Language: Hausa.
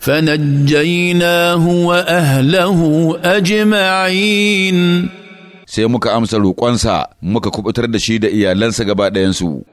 فنجيناه وأهله أجمعين sai muka amsa roƙonsa muka kubutar da shi da iyalansa gaba ɗayansu